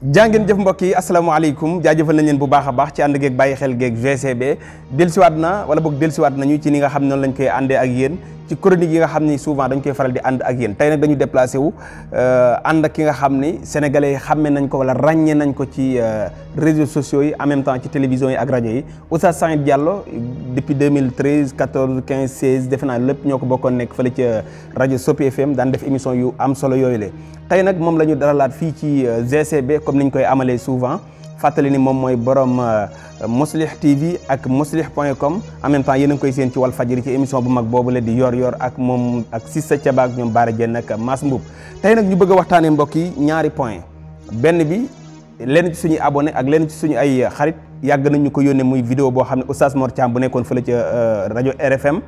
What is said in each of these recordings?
jàngeen jëf mbokk yi asalaamaaleykum jaajëfal nañ leen bu baax a baax ci ànd geeg bàyyi xel geeg GCB e dellusiwaat na wala boog dellusiwaat nañu ci ni nga xam noonu lañ koy àndee ak yéen ci yi nga xam ni souvent dañ koy faral di ànd ak yéen tey nag dañu déplacé wu euh, ak ki nga xam ni sénégalais yi xàmme nañ ko wala ràññee nañ ko ci euh, réseaux sociaux yi en même temps ci télévision yi ak rajo yi Oustaz Sanit Diallo depuis 2013 14 15 16 defe naa lépp ñoo ko bokkoon nekk fële ca euh, rajo Sopi FM daan def émission yu am solo yooyu le tey nag moom la ñu laat fii ci GCB comme niñ koy amalee souvent. fàttali ni moom mooy borom euh, Mouslih TV ak mouslih point comme en même temps yéen a koy seen ci wal fajiri ci émission bu mag boobu la di yor yor ak moom ak Cissé Thiaba ak ñoom Baara Dieng ak Mass Mboup tey nag ñu bëgg a waxtaanee mbokk yi ñaari point benn bi lenn ci suñuy abonné ak lenn ci suñu ay xarit yàgg nañ ñu ko yónnee muy video boo xam ne Oustaz Mor Thiam bu nekkoon fële ca euh, rajo RFM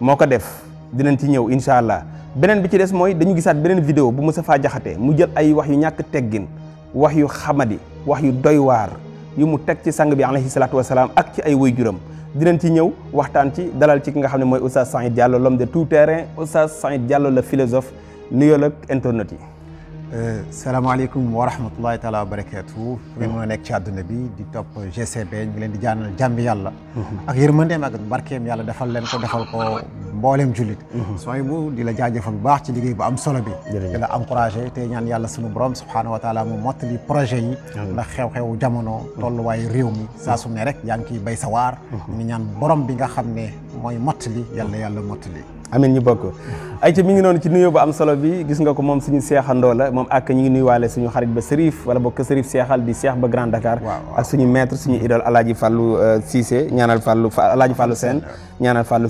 moo ko def dinañ ci ñëw incha allah beneen bi ci des mooy dañu gisaat beneen vidéo bu Moustapha Diakhaté mu jël ay wax yu ñàkk teggin wax yu xamadi wax yu doy waar yu mu teg ci sang bi alayhi salaatu wasalaam ak ci ay waajuram dinañ ci ñëw waxtaan ci dalal ci ki nga xam ne mooy Oustaz Saïd Diallo l'homme de tout terrain Oustaz Saïd Diallo la philosophe nuyool ak internet yi euh, salaamaaleykum wa rahmatullahi taala wa barakaatu fu ngeen nekk ci àdduna bi di topp GCB ñu ngi leen di jaanal jàmbi yàlla mhm. ak yërmandeem ak barkeem yàlla defal leen ko defal ko mboolem jullit mhm. sooy bu di la jaajëfal bu baax ci liggéey bu am solo bi di la encouragé te ñaan yàlla sunu borom subhaanahu wa taala mu mottali projet yi ndax xew-xewu jamono mhm. tolluwaayu réew mi saa su ne rek yaa ngi kiy bay sa ñi mhm. ñu ñaan borom bi nga xam ne mooy mottali yàlla yàlla li amin ñu bokk ayca mi ngi noonu ci nuyoo bu am solo bi gis nga ko moom suñu seexandoo la moom ak ñu ngi nuyuwaale suñu xarit ba Serif wala bokk Serif seexal di seex ba Grand Dakar ak suñu maître suñu idole Alaaji Fàllu euh, Cissé ñaanal Fàllu Alaaji Fàllu Sène ñaanal Fàllu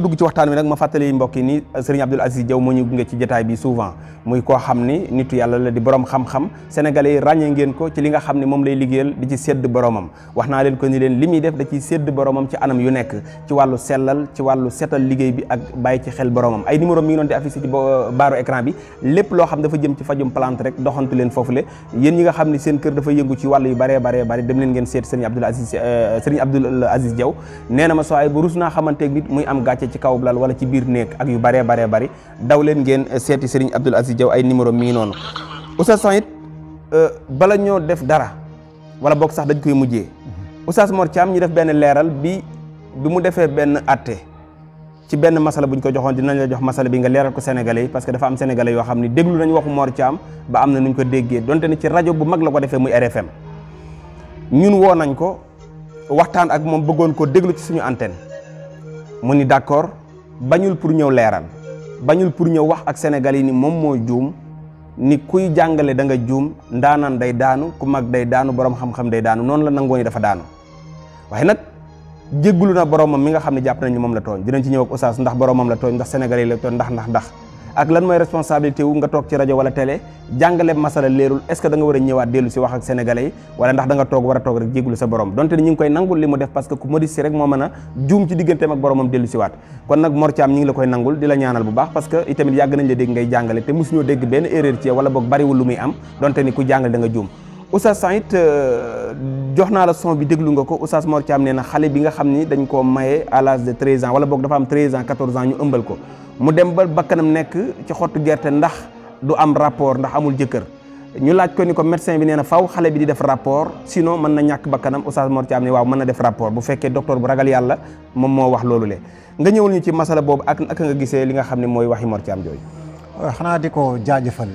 dugg ci waxtaan wi nag ma fàttali mbokk yi ni euh, Serigne Abdoul Aziz Diaw ñu gunge ci jotaay bi souvent muy koo xam ni nitu yàlla la di borom xam-xam sénégalais yi ràññee ngeen ko ci li nga xam ne moom lay liggéeyal di ci sédd boromam wax naa leen ko ni leen li da ciy sédd boromam ci anam yu nekk ci wàllu sellal liggéey bi ak bàyyi ci xel boromam ay numéro mi ngi doon di affiché ci baaru écran bi lépp loo xam dafa jëm ci fajum plante rek doxantu leen foofule yéen ñi nga xam ne seen kër dafa yëngu ci wàll yu baree baree bari dem leen ngeen euh, ma soo ay bu rus naa xamanteeg nit muy seeti Serigne Abdoul Aziz Diaw ay numéro mi ngi noonu euh, bala ñoo def dara wala boog sax dañ koy mujjee mm-hmm. Oustaz Mor Thiam ñu def benn leeral bi bi mu defee benn atte ci benn masala bu ñu ko joxoon dinañ la jox masala bi nga leeral ko sénégalais yi parce que dafa am sénégalais yoo xam ne déglu nañ waxu Mor Thiam ba am na nuñ ko déggee donte ne ci rajo bu mag la ko defee muy RFM ñun woo nañ ko waxtaan ak moom bëggoon ko déglu ci suñu antenne mu ni d'accord bañul pour ñëw leeral bañul pour ñëw wax ak sénégalais yi ni moom moo juum ni kuy jàngale da nga juum ndaanaan day daanu ku mag day daanu borom xam-xam day daanu noonu la nangoo ni dafa daanu jéggulu na boromam mi nga xam ne jàpp nañu moom la tooñ dinañ ci ñëw ak oustaz ndax boromam la tooñ ndax sénégalais la tooñ ndax ndax ndax ak lan mooy responsabilité nga toog ci rajo wala télé jàngale masala leerul est ce que da nga war a ñëwaat dellu si wax ak sénégalais yi wala ndax da toog war a toog rek jéggulu sa borom donte ne ñu ngi koy nangul li mu def parce que ku modesti rek moo mën a juum ci digganteem ak boromam dellu si waat kon nag Mor Thiam ñi ngi la koy nangul di Oustaz Saïd euh, jox naa la son bi déglu nga ko Oustaz Mor Thiam nee na xale bi nga xam ni dañ ko maye à l'âge de 13 ans wala boog dafa am 13 ans 14 ans ñu ëmbal ko mu dem ba bakkanam nekk ci xottu gerte ndax du am rapport ndax amul jëkkër ñu laaj ko ni ko médecin bi nee na faw xale bi di def rapport sinon mën na ñàkk bakkanam Oustaz Mor Thiam ni waaw mën na def rapport bu fekkee docteur bu ragal yàlla moom moo wax loolu le nga ñëwul ñu ci masala boobu ak ak gisee li nga xam ne mooy waxi Mor Thiam jooju. waaw euh, xanaa di ko jaajëfal.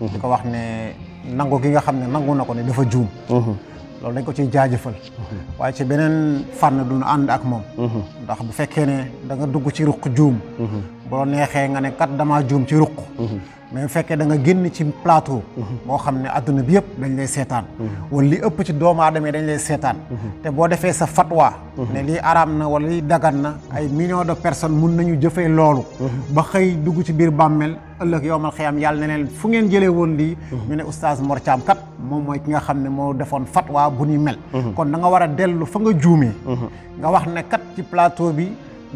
Mhm. nangu gi nga xam ne nangu na ko ne dafa juum mhm. loolu dañ ko ciy jaajëfal mhm. waaye ci beneen fan fànn duñu ànd ak moom mhm. ndax bu fekkee ne da nga dugg ci ruq juum boo neexee nga ne kat damaa juum ci ruq mais bu fekkee da nga génn ci plateau boo xam ne adduna bi yëpp dañ lay seetaan wala li ëpp ci doomu aadama dañ lay seetaan te boo defee sa fatwa ne lii araam na wala lii dagan na ay million de personnes mun nañu jëfee loolu ba xëy dugg ci biir bàmmeel ëllëg yowmal xiyam yàlla ne leen fu ngeen jëlee woon lii mhm. ñu ne oustaz Mor Thiam kat moom mooy ki nga xam ne moo defoon fatwa bu ñu mel mhm. kon da war a dellu fa nga juumee mhm. nga wax ne kat ci plateau bi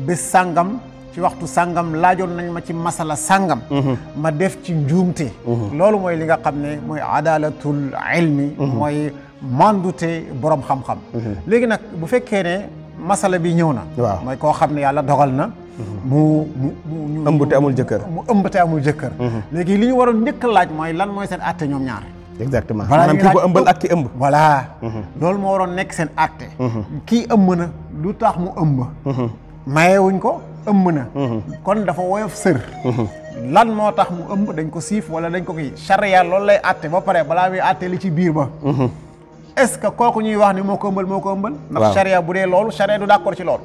bés sàngam ci waxtu sàngam laajoon nañ ma ci masala sàngam ma def ci njuumte loolu mooy li nga xam ne mooy adalatul ilmi mooy mandute borom xam-xam léegi nag bu fekkee ne masala bi ñëw na waaw mooy koo xam ne yàlla dogal na mu mu mu. ëmb te amul jëkkër mu ëmb te amul jëkkër. Mm-hmm. léegi li ñu waroon njëkk laaj mooy lan mooy seen àtte ñoom ñaar. exactement maanaam ki ko ëmbal ak ki ëmb. voilà mm-hmm. loolu moo waroon nekk seen àtte. Mm-hmm. kii ëmb na lu tax mu ëmb. mayewuñ ko ëmb na. kon dafa woyof sër. lan moo tax mu ëmb dañ ko siif wala dañ ko kii charia loolu lay àtte ba pare balaa muy àtte li ci biir ba. est-ce que kooku ñuy wax ni moo ko ëmbal moo ko ëmbal. ndax charia bu dee loolu charia du d'accord ci loolu.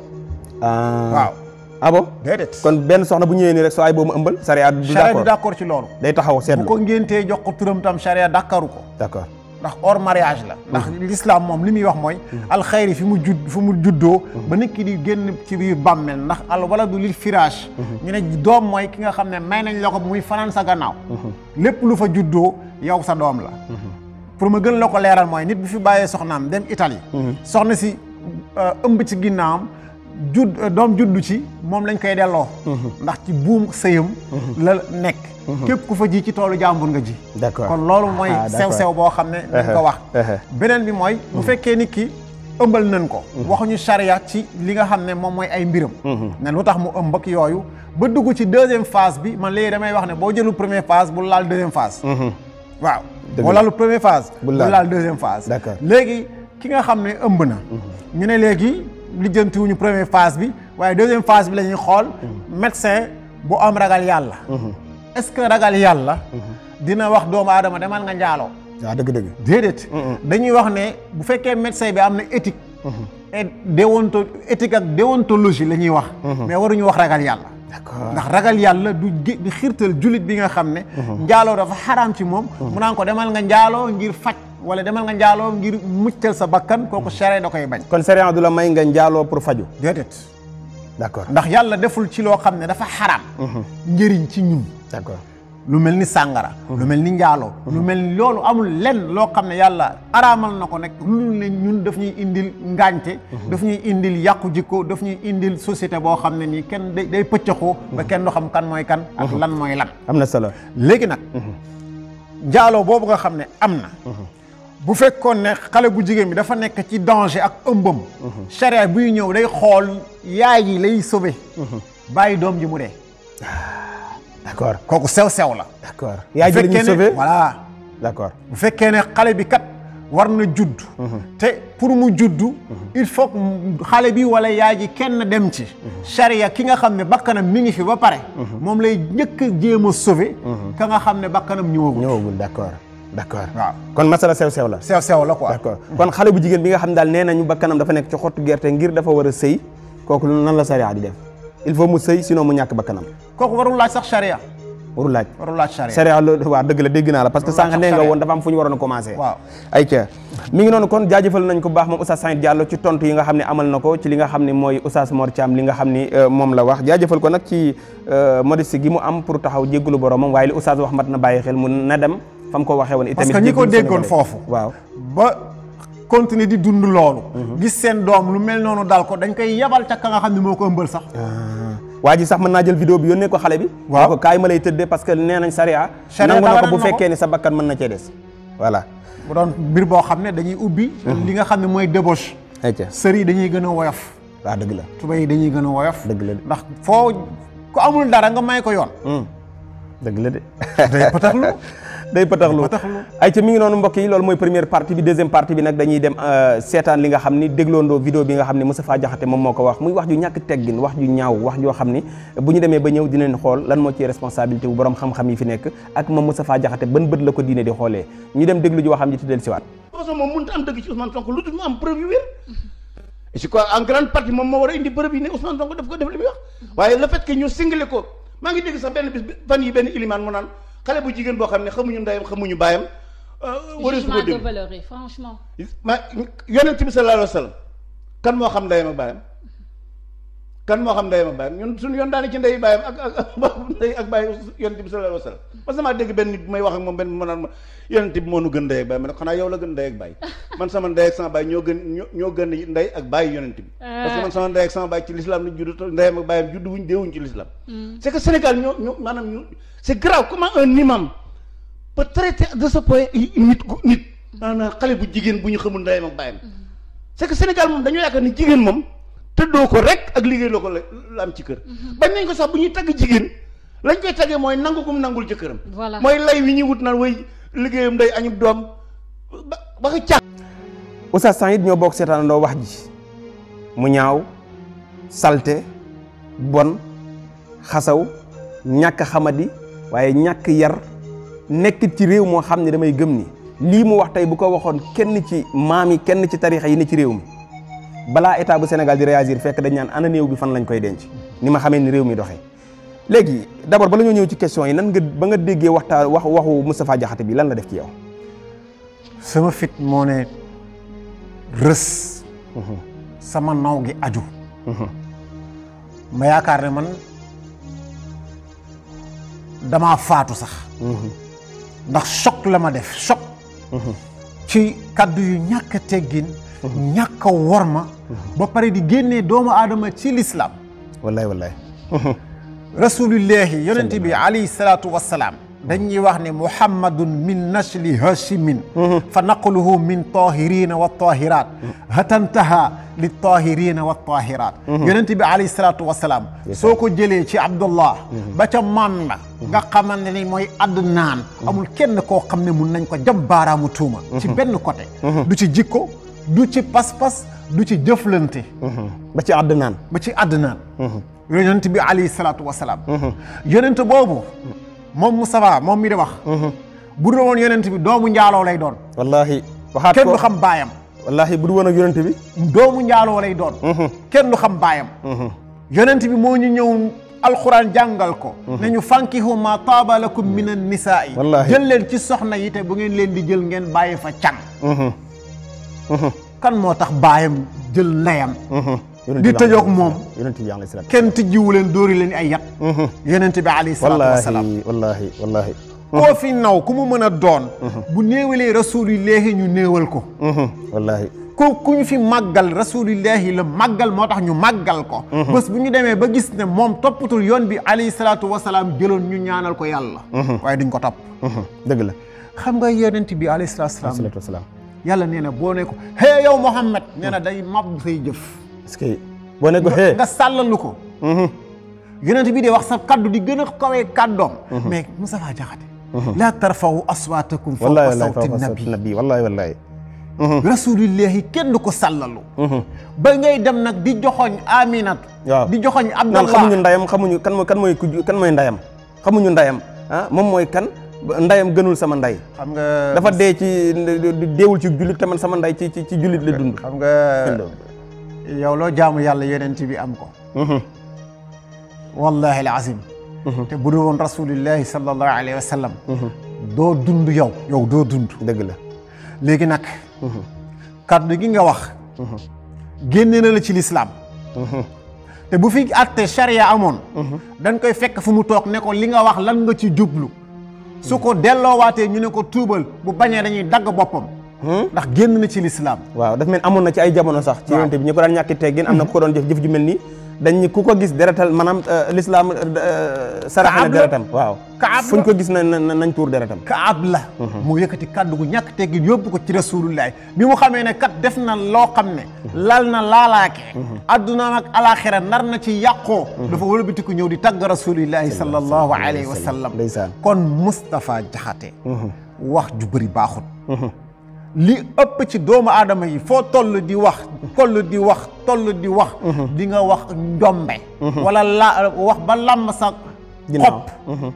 Ah. waaw. ah bon déedéet kon benn soxna bu ñëwee nii rek soo ay boobu ma ëmbal charia du d'accord ci loolu day taxaw seetlu bu ko ngéntee jox ko turam tam charia dakkaru ko d'accord ndax hors mariage la ndax mhm. lislaam moom li muy wax mooy mhm. alxayri fi mu judd fu mu juddoo mhm. ba nit ki di génn ci biir bàmmeel ndax al waladu lil firaash ñu ne doom mooy ki nga xam ne may nañ la ko bu muy fanaan sa gannaaw lépp lu fa juddoo yow sa doom la pour ma gën la ko leeral mooy nit bu fi bàyyee soxnaam dem Italie soxna si euh, ëmb ci ginnaawam judd euh, doom juddu ci moom lañ koy delloo. Mhm. ndax ci buum sëyam. Mhm. la nekk. Mhm. képp ku fa ji ci toolu jàmbur nga ji. d'accord kon loolu mooy. Ah, sew sew boo xam ne. dañ uh-huh. ko wax. Uh-huh. beneen bi mooy. bu fekkee nit ki ëmbal nañ ko. waxuñu charia ci li nga xam ne moom mooy ay mbiram. ne lu tax mu ëmb ak yooyu. ba dugg ci deuxième phase bi man léegi damay wax ne boo jëlu première phase bu laal deuxième phase. waaw boo laalu première phase. bu laal deuxième phase. d'accord léegi ki nga xam ne ëmb na. ñu ne léegi. lijjantiwuñu première phase bi waaye deuxième phase bi la ñuy xool médecin bu am ragal yàlla est-ce que ragal yàlla dina wax doomu aadama demal nga njaaloo waaw dëgg-dëgg déedéet dañuy wax ne bu fekkee médecin bi am na éthique et déonto éthique ak déontologie la ñuy wax mais waruñu wax ragal yàlla d'accord ndax ragal yàlla du du xiirtal jullit bi nga xam ne mhm. njaaloo dafa xaraam ci moom mhm. mu naan ko demal nga njaaloo ngir faj wala demal nga njaaloo ngir muccal sa bakkan kooku charia da koy bañ kon charia du la may nga njaaloo pour faju déedéet d'accord ndax yàlla deful ci loo xam ne dafa xaraam mhm. njëriñ ci ñun lu mel ni sàngara mhm. lu mel ni njaaloo mhm. lu mel ni loolu amul lenn loo xam ne yàlla araamal na ko nag lu ne ñun daf ñuy indil ngànte daf ñuy indil yàqu jikko daf ñuy indil société boo xam ne nii kenn day pëccëxoo ba kenn du xam kan mooy kan ak lan mooy lan am na solo léegi nag njaaloo boobu nga xam ne am na bu fekkoon ne xale bu jigéen bi dafa nekk ci danger ak ëmbam charia buy ñëw day xool yaay yi lay sauver bàyyi doom ji mu dee ah, d'accord kooku sew-sew la d'accord yaay ji la ñuy sauver bu fekkee ne xale bi kat war na judd mhm. te pour mu juddu mhm. il faut xale bi wala yaay ji kenn dem ci charia mhm. ki nga xam ne bakkanam mi ngi fi ba pare moom lay njëkk a jéem a sauver ka nga xam ne bakkanam ñëwagul ñëwagul d'accord d' accord waaw kon masala sew sew la la quoi d' kon xale bu jigéen bi nga xam daal nee nañu bakkanam dafa nekk ci xottu gerte ngir dafa war a sëy kooku lu nan la sariya di def il faut mu sëy sinon mu ñàkk bakkanam kooku warul laaj sax sariya warul laaj warul laaj sariya sariya la waaw dëgg naa la parce que sànq nee nga woon dafa am fu ñu waroon a commencé waaw ay ca mi ngi noonu kon jaajëfal nañ ko baax moom Oustaz Saint Diallo ci tontu yi nga xam ne amal na ko ci li nga xam ne mooy Oustaz Mor Thiam li nga xam ni euh, moom la wax jaajëfal ko nag ci euh, modestie mu am pour taxaw jéggalu boromam waaye li Oustaz wax mat na bàyyi xel mu na dem fam ko waxee woon itamit parce que ñi ko déggoon foofu waaw ba continuer di dund loolu mhm. gis seen doom lu mel noonu daal ko dañ koy yebal ca ka nga xam ne moo ko ëmbal sax ah. waa ji sax mën naa jël vidéo bi yónnee ko xale bi waaw ko kaay ma lay tëddee parce que nee nañ sariya nangu na ko bu fekkee ni sa bakkan mën na cee des voilà bu doon mbir boo xam ne dañuy ubbi mhm. li nga xam ne mooy débauche sër yi dañuy gën a woyof waaw dëgg la tubéy yi dañuy gën a woyof dëgg la ndax foo ku amul dara nga may ko yoon mm. day pataxlu ay ca mi ngi noonu mbokk yi loolu mooy première partie bi deuxième partie bi nag dañuy dem euh, seetaan li nga xam ni dégloondoo vidéo bi nga xam ni Moustapha Diakhaté moom moo ko wax muy wax ju ñàkk teggin wax ju ñaaw wax joo xam ni bu ñu demee ba ñëw dinañ xool lan moo ci responsabilité bu borom xam-xam yi fi nekk ak moom Moustapha Diakhaté ban bët la ko diine di xoolee ñu dem déglu ji waxam ji tuddeel siwaat façon moom mënut am dëgg ci am dégg sax benn bis xale bu jigéen boo xam ne xamuñu ndeyam xamuñu baayam. Euh, wërës bu ko déglu jugement ma yonent bi sallallahu alayhi kan moo xam ndeyam ak baayam. kan moo xam ndeyam ak baayam ñun suñu yoon daane ci ndey baayam ak ak ndey ak baay yonent bi sallallahu alayhi wa sallam parce que maa dégg benn nit bu may wax ak moom benn mu ma yonent bi moo nu gën ndey ak baay ma bi ah. parce que man sama ndey ak sama baay ci l'islam lañ judd ndeyam ak baayam judd wuñ deewuñ ci l'islam hmm. c'est Sénégal ñoo ñoo maanaam ñu c'est grave comment un imam peut traiter de ce point nit nit hmm. xale bu jigéen bu ñu xamul ndeyam ak baayam hmm. c'est Sénégal moom dañoo yaakaar ni jigéen moom tëddoo ko rek ak liggéey la ko la ci kër. Mhm. bañ nañ ko sax bu ñuy tagg jigéen lañ koy taggee mooy nangu mu nangul jëkkëram. voilà mooy lay wi ñuy wut naan way liggéeyam day añub doom ba ba ko càq. Oustaz Sangid ñoo bokk seetaanandoo wax ji mu ñaaw salte bon xasaw ñàkk xamadi waaye ñàkk yar nekkit ci réew moo xam ne damay gëm ni lii mu wax tey bu ko waxoon kenn ci maam yi kenn ci tarixa yi ni ci réew mi. balaa état bu Sénégal di réagir fekk dañ naan ana néew bi fan lañ koy denc ni ma xamee ni réew mi doxee léegi d'abord bala ñoo ñëw ci question yi nan nga ba nga déggee waxtaan wax waxu Moustapha Diakhaté bi lan la def ci yow. sama fit moo ne rës. Mhm. sama naw gi aju. Mhm. ma yaakaar ne man damaa faatu sax. Mhm. ndax choc la ma def choc. ci kaddu yu ñàkk a teggin ñàkk a worma ba pare di génnee doomu aadama ci lislaam wallaay wallaay rasulillahi yonente bi alayhi salaatu wassalaam dañuy wax ne muhammadun min nasli hasimin mm-hmm. fa naqluhu min tahirina wa tahirat mm-hmm. hatantaha li tahirina wa tahirat mm-hmm. yonent bi alayhi salaatu wasalaam soo ko jëlee ci abdullah ba ca maam la nga xamante ni mooy adnaan amul kenn koo xam ne mun nañ ko jam baaraamu tuuma ci benn côté du ci jikko du ci pas-pas du ci jëflante ba ci adnaan ba ci adnaan yonent bi alayhi salaatu boobu moom Moustapha moom mi di wax. Mhm. bu dul woon yonent bi doomu njaaloo lay doon. wallaahi waxaat ko kenn du xam bu dul woon ak yonent bi. doomu njaaloo lay doon. Mhm. kenn du xam baayam. Mhm. yonent bi moo ñu ñëw alxuraan jàngal ko. ne ñu fankihu ma taaba ko min a nisaa yi. wallaahi jël leen ci soxna yi bu ngeen leen di jël ngeen bàyyi fa can. kan moo tax baayam jël ndeyam. di tëjoog moom kenn tijjiwu leen dóori leen ay yat mm-hmm. yonent bi alayhi salaatu wasalaam wallahi wallahi mm-hmm. koo fi naw ku mu mën a doon mm-hmm. bu néewalee rasulillahi ñu néewal ko wallahi ku ku ñu fi màggal rasulillahi la màggal moo tax ñu màggal ko bés bu ñu demee ba gis ne moom toppatul yoon bi alayhi salaatu wasalaam jëloon ñu ñaanal ko yàlla waaye duñ ko topp dëgg la xam nga yonent bi alayhi salaatu wasalaam yàlla nee na boo ne ko hee yow Muhammad nee na day mab say jëf est-ce que boo ne ko xee nga sàllalu ko mm-hmm. bi de wax sa kaddu di gën a kawee kaddoom mm-hmm. mais Moustapha Diakhaté mm-hmm. laa tarfaw aswaatakum fawqa sawti nabi wallahi wallahi rasulillahi kenn du ko sàllalu ba ngay dem nag di joxoñ aminatu waaw di joxoñ abdallah xamuñu ndayam xamuñu kan mooy kan mooy kan mooy ndayam xamuñu ndayam ah moom mooy kan ndayam gënul sama nday xam nga dafa dee ci deewul ci jullit te sama nday ci ci jullit la dund yow loo jaamu yàlla yonent bi am ko mhm. wallahi alazim mhm. te bu dul woon rasulillahi sallallahu alayhi wa mhm. doo dund yow yow doo dund dëgg la léegi nag kaddu gi nga wax génne na la ci lislaam te bu fi àtte charia amoon dañ koy fekk fu mu toog ne ko li nga wax lan nga ci jublu su ko delloowaatee ñu ne ko tuubal bu bañee dañuy dagg boppam Hmm? ndax génn na ci lislaam waaw daf mel amoon na ci ay jamono sax ci yonent bi ñu ko daan ñàkki teggin am na ku ko doon jëf jëf ju mel nii dañ ku ko gis deretal maanaam euh, lislaam euh, euh, sarax na deretam waaw kaab fuñ ko gis na nañ tuur deretam kaab la mhm. mu yëkkati kàddu gu ñàkk teggin yóbbu ko ci rasulullahi bi mu xamee na kat def na loo xam ne mhm. lal na laalaake mhm. addunaam ak alaxira nar na ci yàqoo dafa wëlbatiku ñëw di tàgg rasulullahi sallallahu alayhi wa sallam kon Moustapha Jaxate wax ju bëri baaxut li ëpp ci doomu aadama yi foo toll di wax toll di wax toll di wax mhm. di nga wax njombe mhm. wala la wax ba làmm sa xob mhm.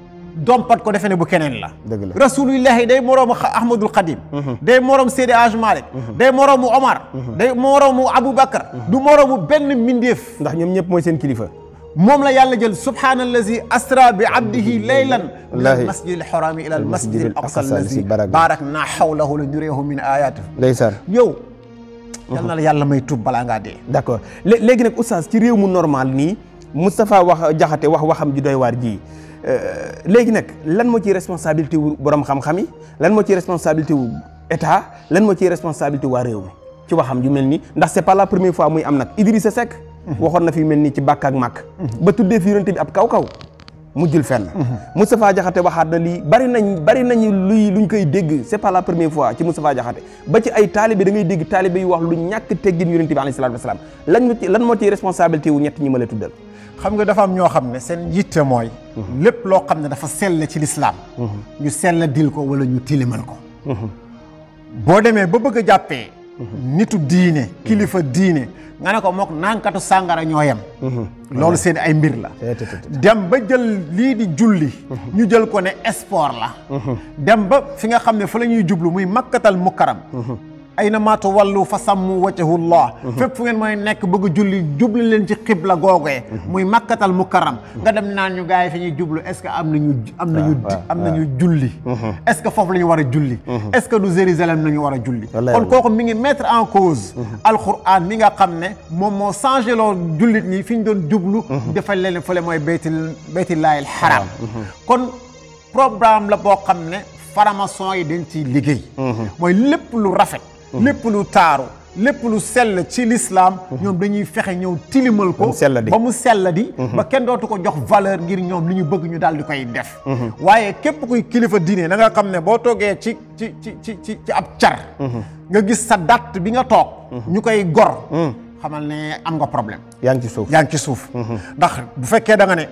dompat ko defe ne bu keneen la rasulullahi day moroomu ahmadul xadim day moroom Seydi Aj Malik day moroomu Omar day moroomu Aboubacar du moroomu benn mbindéef ndax ñoom ñëpp mooy seen kilifa moom la yàlla jël subhaanallazi asra bi abdihi laylan min al masjid al xaraami ila al masjid al aqsa allazi baarak naa xawlahu li nuriyahu min ayaatihi ndeysaan yow uh-huh. yal na la yàlla may tub balaa ngaa dee d' accord léegi nag oustaz ci réew mu normal nii Moustapha wax jaxate wax waxam ji doy waar ji euh, léegi nag lan moo ciy responsabilité wu borom xam-xam yi lan moo ciy responsabilité wu état lan moo ci responsabilité waa réew mi ci xam ju mel nii ndax c' est pas la première fois muy am na Idrissa Seck waxoon na fi mel nii ci bàkk ak màkk ba tuddee fi yonent bi ab kaw-kaw mu fenn Moustapha Diakhaté waxaat na lii bari nañ bari nañu luy luñ koy dégg c'est pas la première fois ci Moustapha Diakhaté ba ci ay taalibe da ngay dégg taalibe yu wax lu ñàkk teggin yonent bi alayhi salaatu wasalaam lan lan moo ci responsabilité wu ñett ñi ma la tuddal xam nga dafa am ñoo xam ne seen yitte mooy lépp loo xam ne dafa sell ci lislaam ñu sell dil ko wala ñu tilimal ko mhm. boo demee ba bëgg a jàppee nitu diine kilifa diine nga ne ko mook nankatu sàngara ñoo yem mhm. loolu seen ay mbir la dem ba jël lii di julli mhm. ñu jël ko ne sport la mhm. dem ba fi nga xam ne fa la ñuy jublu muy makkatal mukaram ayna maa tuwallu fa sammu wajhu llah mhm. fépp fu ngeen mooy nekk bëgg julli jublu leen ci xibla googee mhm. muy makkatal mukarram nga dem naan ñu gars yi fi ñuy jublu est ce que am nañu am nañu am nañu julli mhm. est ce que foofu la ñu war a julli est que du Jérusalem la ñu war a julli kon kooku mi ngi mettre en cause alquran mi nga xam ne moom moo changé loo jullit ñi fi ñu doon jublu dafa leen fële mooy baytil baytillaahil haram kon programme la boo xam ne faramaçon yi dañ ciy liggéey mooy lu rafet Mhm. lépp lu taaru lépp lu sell ci l'islam mhm. ñoom dañuy fexe ñëw tilimal ko ba mu sell di mhm. ba kenn dootu ko jox valeur ngir ñoom li ñu bëgg ñu daal di koy def waaye képp kuy kilifa diine na xam ne boo toogee ci ci ci ci ci ci ab car nga gis sa date bi nga toog ñu koy gor xamal ne am nga problème yaa ngi ci suuf yaa ngi ci suuf ndax bu fekkee da ne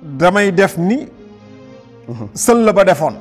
damay def ni sël la ba defoon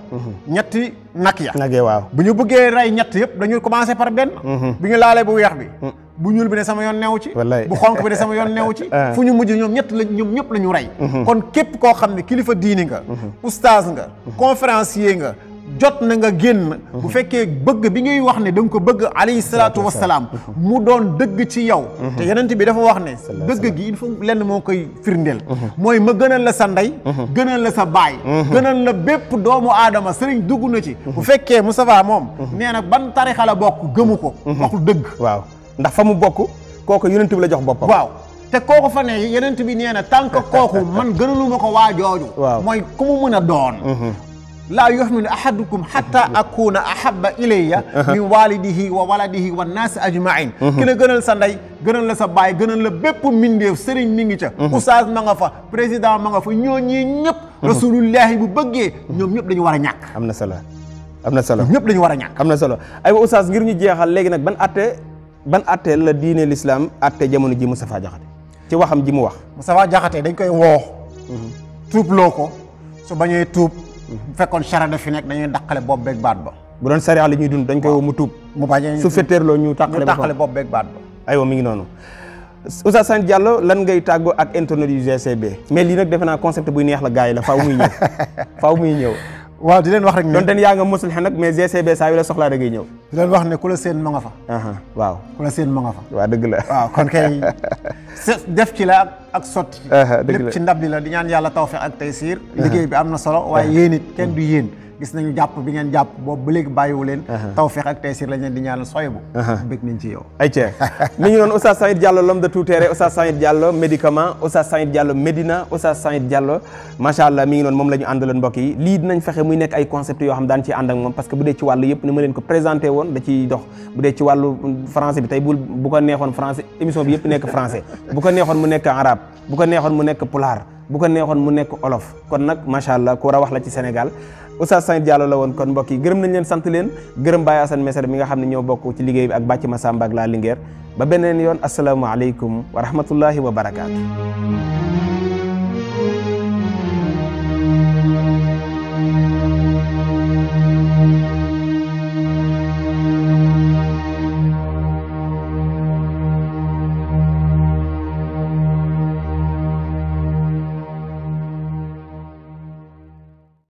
ñetti nag ya nag ya waaw bu ñu bëggee rey ñett yëpp dañuy commencé par benn mhm. bi ñu laalee bu weex bi mhm. bu ñuul bi ne sama yoon neewu ci bu xonk bi ne sama yoon neewu ci ah. fu ñu mujj ñoom ñett ñoom ñëpp la ñu rey mhm. kon képp koo xam ne kilifa diini nga oustaz nga conférencier nga jot na nga génn. bu fekkee bëgg bi ngay wax ne danga ko bëgg alayhi salaatu salaam mu doon dëgg ci yow. Mhm. te yeneen bi dafa wax ne. dëgg gi il faut lenn moo koy firndeel. Mhm. mooy ma gënal la sa ndey. Mhm. gënal la sa baay. gënal la bépp doomu aadama sëriñ dugg na ci. bu fekkee Moustapha moom. nee na ban tarixa la bokk gëmu ko. waxul dëgg. waaw ndax fa mu bokk kooku yonent bi la jox boppam. waaw te kooku fa ne yonent bi nee na tànk kooku man gënaluma ko waa jooju. waaw mooy ku mu mën a doon. laa yu'minu ahadukum hatta akuna ahabba ilayya min walidihi wa waladihi wa naasi ajmain ki la gënal sa ndey gënal la sa baay gënal la bépp mbindeef sëriñ mi ngi ca mhm. oustaz ma fa président ma nga fa ñoo ñii ñëpp mhm. rasulullahi bu bëggee ñoom ñëpp dañu war a ñàkk am na solo am na solo ñëpp dañu war a ñàkk am na solo ay wa oustaz ngir ñu jeexal léegi nag ban atte ban atte la diine l'islam atte jamono ji Moustapha Diakhaté ci waxam ji mu wax Moustapha Diakhaté dañ koy woo mhm. loo ko su bañee bu fekkoon charia da fi nekk dañuy daqale bopp beeg baat ba bu doon charia li ñuy dund dañ koy woo mu tuub mu bañ su fetteerloo ñu tàqale bopp beeg baat ba aywa mi ngi noonu Oustaz Sane Diallo lan ngay tàggoo ak internet yu GCB mais lii nag defe naa concept buy neex la gaa yi la faaw muy ñëw faaw muy ñëw waaw di leen wax rek ne doon dañ yaa nga musul nag mais GCB saa yu la soxlaa da ngay ñëw di leen wax ne ku la seen ma nga fa waaw ku la seen ma nga fa waaw dëgg la waaw kon kay def ci la ak sot lépp ci ndab li la di ñaan yàlla tawfiq ak taysir liggéey bi am na solo waaye yéen it kenn du yéen gis nañu jàpp bi ngeen jàpp boobu ba léegi bàyyiwu leen uh-huh. tawfeex ak taysir lañ leen di ñaanal soy bu uh-huh. bëgg nañ ci yow ay cee mi ngi noonu Oustaz Sahid Diallo l'homme de tout terrain Oustaz Sahid Diallo médicament Oustaz Sahid Diallo Médina Oustaz Sahid Diallo macha allah mi ngi noonu moom la ñu àndaloon mbokk yi lii dinañ fexe muy nekk ay concept yoo xam daan ci ànd ak moom parce que bu dee ci wàllu yëpp ni ma leen ko présenté woon da ciy dox bu dee ci wàllu français bi tey bu bu ko neexoon français émission bi yëpp nekk français bu ko neexoon mu nekk arabe bu ko neexoon mu nekk pulaar bu ko neexoon mu nekk olof kon nag macha allah ku war a wax la ci Sénégal Oustaz Saint Diallo la woon kon mbokk yi gërëm nañ leen sant leen gërëm baa Assane Mesere mi nga xam ne ñëw bokk ci liggéey bi ak Bàcc Masamba ak La Linguère ba beneen yoon asalaamaaleykum wa rahmatullahi wa barakaatu.